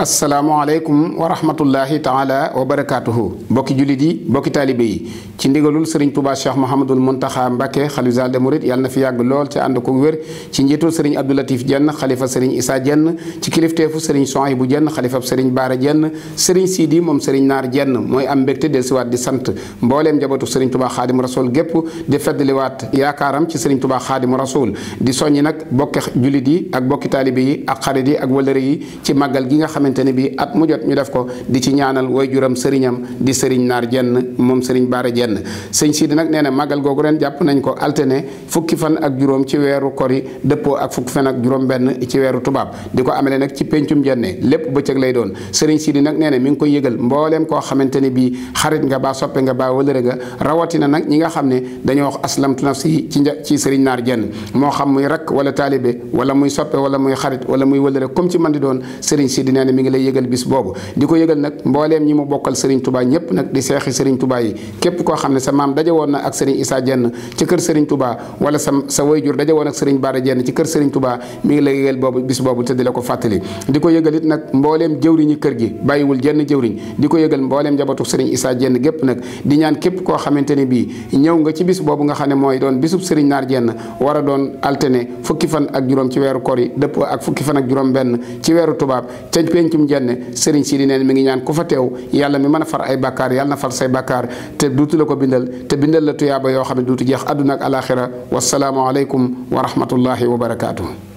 asalaamaaleykum wa rahmatullahi taala wa barakaatuhu bokki jullit yi bokki taalibe yi ci ndigalul sëriñ Touba Cheikh Mouhamadul Mountakha Mbacké xalifa général des mourides yàlla na fi yàgg lool ci ànd ko wér ci njiitul sëriñ Abdou Latif Jenn xalifa sëriñ Issa Jenn ci kilifteefu sëriñ bu Jenn xalifab seriñ Baara Jenn sëriñ Sidi moom sëriñ Naar Jenn mooy am mbégte dellusiwaat di sant mbooleem njabootu sëriñ Touba Xaadimu Rasuul gépp di feddliwaat yaakaaram ci sëriñ Touba Xaadimu Rasuul di soññi nag bokki jullit yi ak bokki taalibe yi ak xarit yi ak wëlëre yi ci màggal gi nga xam xamante ne bii at mu jot ñu def ko di ci ñaanal waajuram sëriñam di sëriñ naar jenn moom sëriñ baara jenn sëñ Sidi nag nee na màggal googu ren jàpp nañ ko altine fukki fan ak juróom ci weeru kori dëppoo ak fukki fan ak juróom benn ci weeru tubaab di ko amale nag ci péncum jenne lépp bëccëg lay doon sëriñ Sidi nag nee mi ngi koy yëgal mbooleem koo xamante ne bii xarit nga baa soppe nga baa wëlëre nga rawatina nag ñi nga xam ne dañoo wax aslamtu nafsi ci ci sëriñ naar jenn moo xam muy rakk wala taalibe wala muy soppe wala muy xarit wala muy wëlëre comme ci man di doon sëriñ Sidi nee ne mi ngi lay yëgal bis boobu di ko yëgal nag mbooleem ñi mu bokkal Serigne Touba ñëpp nag di seexi Serigne Touba yi képp koo xam ne sa maam daje woon na ak Serigne Issa Dieng ci kër Serigne Touba wala sa sa wayjur daje woon ak Serigne Bara Dieng ci kër Serigne Touba mi ngi lay yëgal boobu bis boobu te di la ko fàttali di ko yëgal it nag mbooleem jëwriñi kër gi bàyyiwul jenn jëwriñ di ko yëgal mbooleem njabootu Serigne Issa Dieng gépp nag di ñaan képp koo xamante ne bii ñëw nga ci bis boobu nga xam ne mooy doon bisub Serigne Naar Dieng war a doon altine fukki fan ak juróom ci weeru koor yi dëpp ak fukki fan ak juróom benn ci weeru tubaab pencum jenne sëriñ si di neen mi ngi ñaan ku fa teew yàlla mi man a far ay bàkkaar yàlla na far say bàkkaar te duutu la ko bindal te bindal la tuyaaba yoo xam ne duutu jeex àdduna ak alaaxira wassalaamu aleykum wa rahmatullahi wa barakaatu.